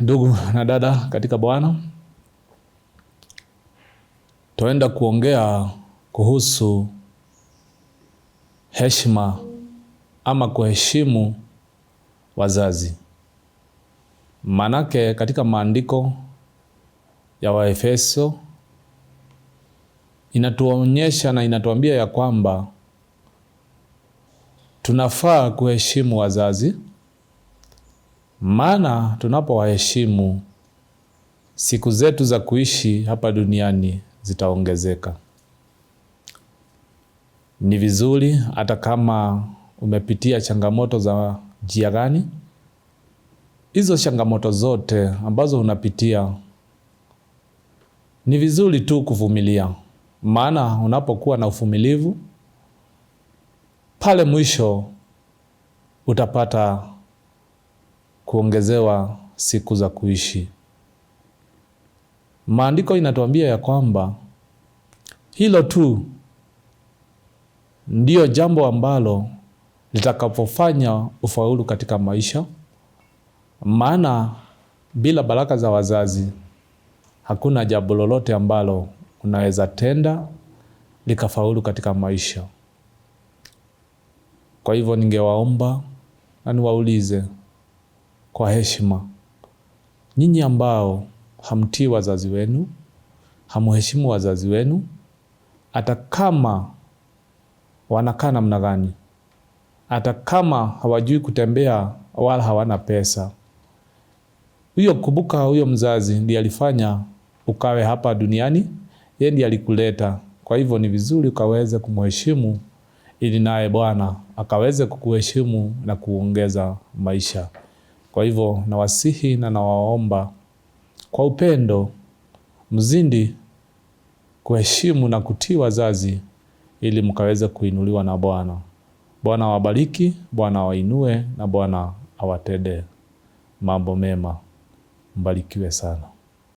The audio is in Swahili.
Ndugu na dada katika Bwana, twaenda kuongea kuhusu heshima ama kuheshimu wazazi. Manake katika maandiko ya Waefeso inatuonyesha na inatuambia ya kwamba tunafaa kuheshimu wazazi maana tunapowaheshimu siku zetu za kuishi hapa duniani zitaongezeka. Ni vizuri hata kama umepitia changamoto za njia gani, hizo changamoto zote ambazo unapitia ni vizuri tu kuvumilia, maana unapokuwa na uvumilivu pale mwisho utapata kuongezewa siku za kuishi. Maandiko inatuambia ya kwamba hilo tu ndio jambo ambalo litakapofanya ufaulu katika maisha, maana bila baraka za wazazi hakuna jambo lolote ambalo unaweza tenda likafaulu katika maisha. Kwa hivyo ningewaomba na niwaulize kwa heshima. Nyinyi ambao hamtii wazazi wenu, hamuheshimu wazazi wenu, hata kama wanakaa namna gani, hata kama hawajui kutembea wala hawana pesa, huyo kumbuka, huyo mzazi ndiye alifanya ukawe hapa duniani, yeye ndiye alikuleta. Kwa hivyo ni vizuri ukaweze kumheshimu ili naye Bwana akaweze kukuheshimu na kuongeza maisha. Kwa hivyo nawasihi na nawaomba kwa upendo mzidi kuheshimu na kutii wazazi ili mkaweze kuinuliwa na Bwana. Bwana awabariki, Bwana awainue na Bwana awatende mambo mema. Mbarikiwe sana.